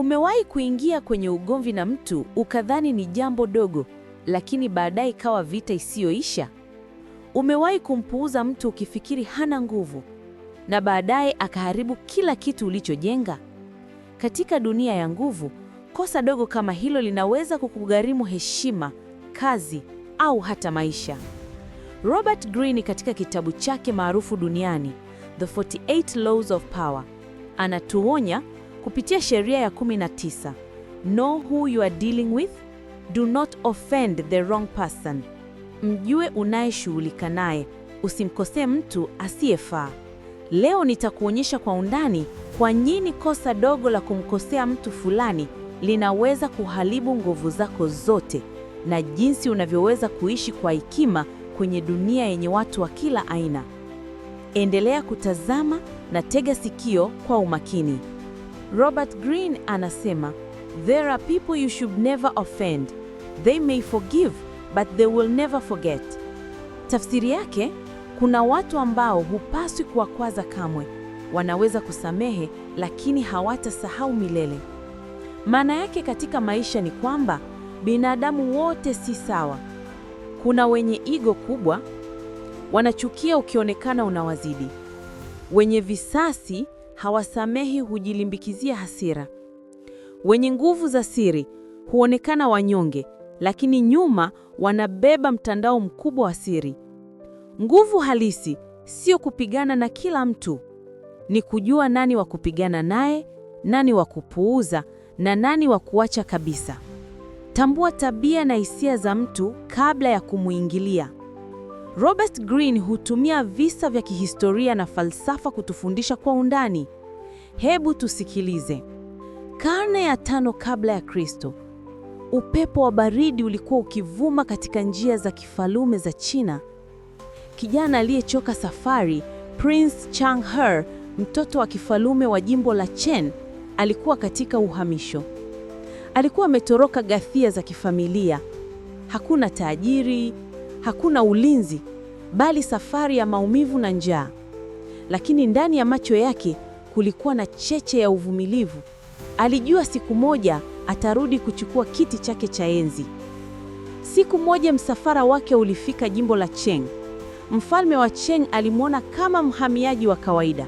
Umewahi kuingia kwenye ugomvi na mtu ukadhani ni jambo dogo, lakini baadaye ikawa vita isiyoisha? Umewahi kumpuuza mtu ukifikiri hana nguvu, na baadaye akaharibu kila kitu ulichojenga? Katika dunia ya nguvu, kosa dogo kama hilo linaweza kukugharimu heshima, kazi au hata maisha. Robert Greene katika kitabu chake maarufu duniani The 48 Laws of Power anatuonya kupitia sheria ya 19, know who you are dealing with, do not offend the wrong person, mjue unayeshughulika naye, usimkosee mtu asiyefaa. Leo nitakuonyesha kwa undani kwa nini kosa dogo la kumkosea mtu fulani linaweza kuharibu nguvu zako zote na jinsi unavyoweza kuishi kwa hekima kwenye dunia yenye watu wa kila aina. Endelea kutazama na tega sikio kwa umakini. Robert Greene anasema, there are people you should never offend. They may forgive but they will never forget. Tafsiri yake, kuna watu ambao hupaswi kuwakwaza kamwe. Wanaweza kusamehe lakini hawatasahau milele. Maana yake katika maisha ni kwamba binadamu wote si sawa. Kuna wenye igo kubwa, wanachukia ukionekana unawazidi. Wenye visasi hawasamehi, hujilimbikizia hasira. Wenye nguvu za siri huonekana wanyonge, lakini nyuma wanabeba mtandao mkubwa wa siri. Nguvu halisi sio kupigana na kila mtu, ni kujua nani wa kupigana naye, nani wa kupuuza na nani wa kuacha kabisa. Tambua tabia na hisia za mtu kabla ya kumwingilia. Robert Greene hutumia visa vya kihistoria na falsafa kutufundisha kwa undani. Hebu tusikilize. Karne ya tano kabla ya Kristo, upepo wa baridi ulikuwa ukivuma katika njia za kifalume za China. Kijana aliyechoka safari, Prince chang He, mtoto wa kifalume wa jimbo la Chen, alikuwa katika uhamisho. Alikuwa ametoroka ghasia za kifamilia. Hakuna tajiri hakuna ulinzi, bali safari ya maumivu na njaa. Lakini ndani ya macho yake kulikuwa na cheche ya uvumilivu. Alijua siku moja atarudi kuchukua kiti chake cha enzi. Siku moja msafara wake ulifika jimbo la Cheng. Mfalme wa Cheng alimwona kama mhamiaji wa kawaida.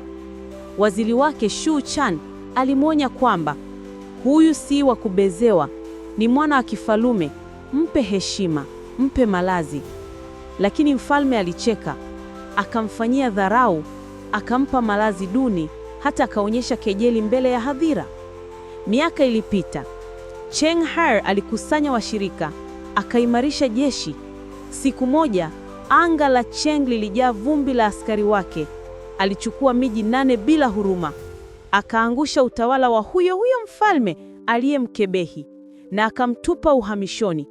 Waziri wake Shu Chan alimwonya kwamba huyu si wa kubezewa, ni mwana wa kifalume, mpe heshima, mpe malazi. Lakini mfalme alicheka, akamfanyia dharau, akampa malazi duni, hata akaonyesha kejeli mbele ya hadhira. Miaka ilipita. Cheng Har alikusanya washirika, akaimarisha jeshi. Siku moja, anga la Cheng lilijaa vumbi la askari wake. Alichukua miji nane bila huruma, akaangusha utawala wa huyo huyo mfalme aliyemkebehi na akamtupa uhamishoni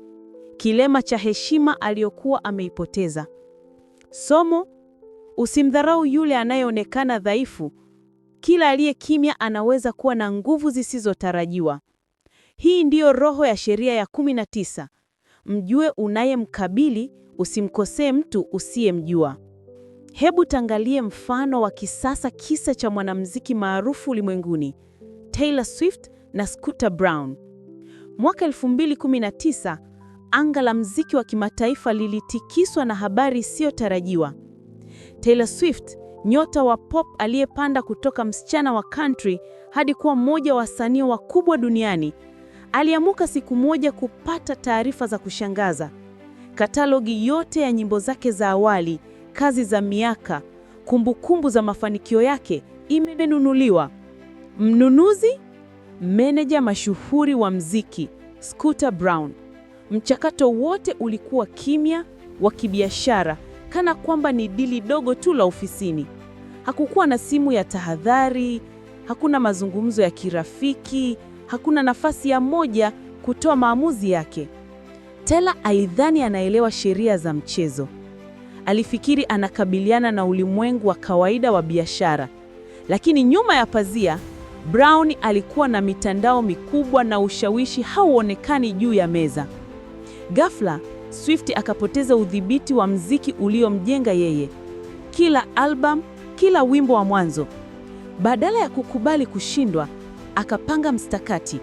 kilema cha heshima aliyokuwa ameipoteza. Somo: usimdharau yule anayeonekana dhaifu. Kila aliye kimya anaweza kuwa na nguvu zisizotarajiwa. Hii ndiyo roho ya sheria ya 19: mjue unayemkabili, usimkosee mtu usiyemjua. Hebu tangalie mfano wa kisasa, kisa cha mwanamuziki maarufu ulimwenguni Taylor Swift na Scooter Braun. Mwaka 2019 anga la mziki wa kimataifa lilitikiswa na habari isiyotarajiwa. Taylor Swift, nyota wa pop aliyepanda kutoka msichana wa country hadi kuwa mmoja wa wasanii wakubwa duniani, aliamuka siku moja kupata taarifa za kushangaza. Katalogi yote ya nyimbo zake za awali, kazi za miaka, kumbukumbu za mafanikio yake imenunuliwa. Mnunuzi, meneja mashuhuri wa mziki Scooter Braun. Mchakato wote ulikuwa kimya wa kibiashara, kana kwamba ni dili dogo tu la ofisini. Hakukuwa na simu ya tahadhari, hakuna mazungumzo ya kirafiki, hakuna nafasi ya moja kutoa maamuzi yake. Tela aidhani anaelewa sheria za mchezo. Alifikiri anakabiliana na ulimwengu wa kawaida wa biashara, lakini nyuma ya pazia Brown alikuwa na mitandao mikubwa na ushawishi hauonekani juu ya meza. Ghafla Swift akapoteza udhibiti wa mziki uliomjenga yeye, kila album, kila wimbo wa mwanzo. Badala ya kukubali kushindwa, akapanga mstakati,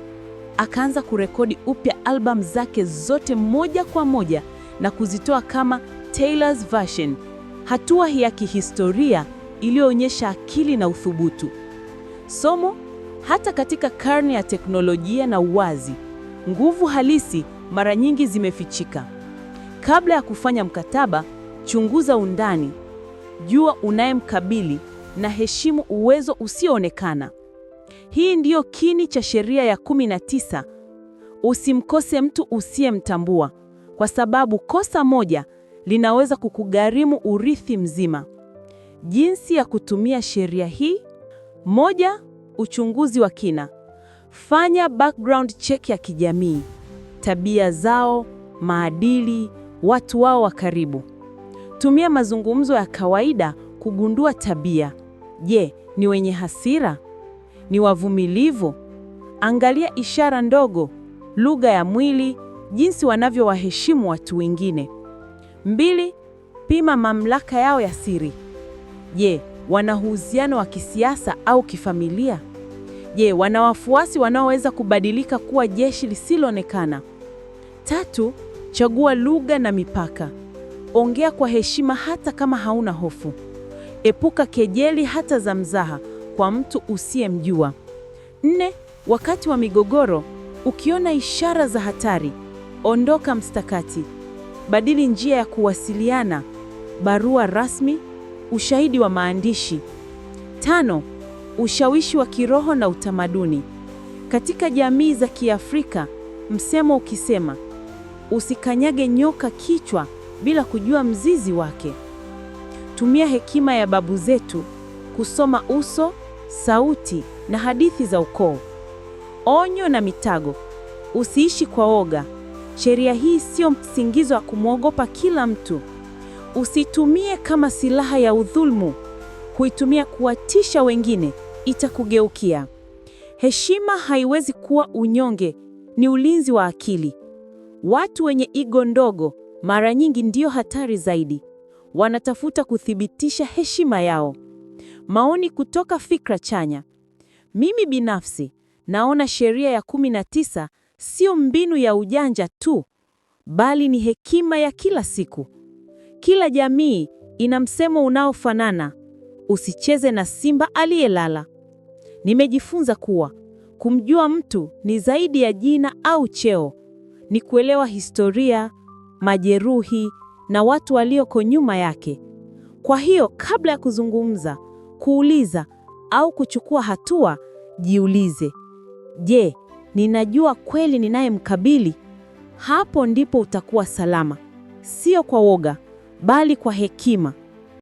akaanza kurekodi upya albamu zake zote moja kwa moja na kuzitoa kama Taylor's Version, hatua ya kihistoria iliyoonyesha akili na uthubutu. Somo: hata katika karne ya teknolojia na uwazi, nguvu halisi mara nyingi zimefichika. Kabla ya kufanya mkataba, chunguza undani, jua unayemkabili na heshimu uwezo usioonekana. Hii ndiyo kini cha sheria ya tisa: usimkose mtu usiyemtambua, kwa sababu kosa moja linaweza kukugharimu urithi mzima. Jinsi ya kutumia sheria hii: moja, uchunguzi wa kina. Fanya background check ya kijamii tabia zao, maadili, watu wao wa karibu. Tumia mazungumzo ya kawaida kugundua tabia. Je, ni wenye hasira? Ni wavumilivu? Angalia ishara ndogo, lugha ya mwili, jinsi wanavyowaheshimu watu wengine. Mbili, pima mamlaka yao ya siri. Je, wana uhusiano wa kisiasa au kifamilia? Je, wana wafuasi wanaoweza kubadilika kuwa jeshi lisiloonekana? Tatu, chagua lugha na mipaka. Ongea kwa heshima hata kama hauna hofu. Epuka kejeli hata za mzaha kwa mtu usiyemjua. Nne, wakati wa migogoro, ukiona ishara za hatari, ondoka mstakati. Badili njia ya kuwasiliana: barua rasmi, ushahidi wa maandishi. Tano, Ushawishi wa kiroho na utamaduni. Katika jamii za Kiafrika, msemo ukisema usikanyage nyoka kichwa bila kujua mzizi wake. Tumia hekima ya babu zetu kusoma uso, sauti na hadithi za ukoo. Onyo na mitago. Usiishi kwa oga. Sheria hii sio msingizo wa kumwogopa kila mtu. Usitumie kama silaha ya udhulumu. Kuitumia kuwatisha wengine itakugeukia. Heshima haiwezi kuwa unyonge, ni ulinzi wa akili. Watu wenye ego ndogo mara nyingi ndio hatari zaidi. Wanatafuta kuthibitisha heshima yao. Maoni kutoka Fikra Chanya. Mimi binafsi naona sheria ya 19 sio mbinu ya ujanja tu, bali ni hekima ya kila siku. Kila jamii ina msemo unaofanana: Usicheze na simba aliyelala. Nimejifunza kuwa kumjua mtu ni zaidi ya jina au cheo, ni kuelewa historia, majeruhi na watu walioko nyuma yake. Kwa hiyo, kabla ya kuzungumza, kuuliza au kuchukua hatua, jiulize, je, ninajua kweli ninayemkabili? Hapo ndipo utakuwa salama, sio kwa woga, bali kwa hekima.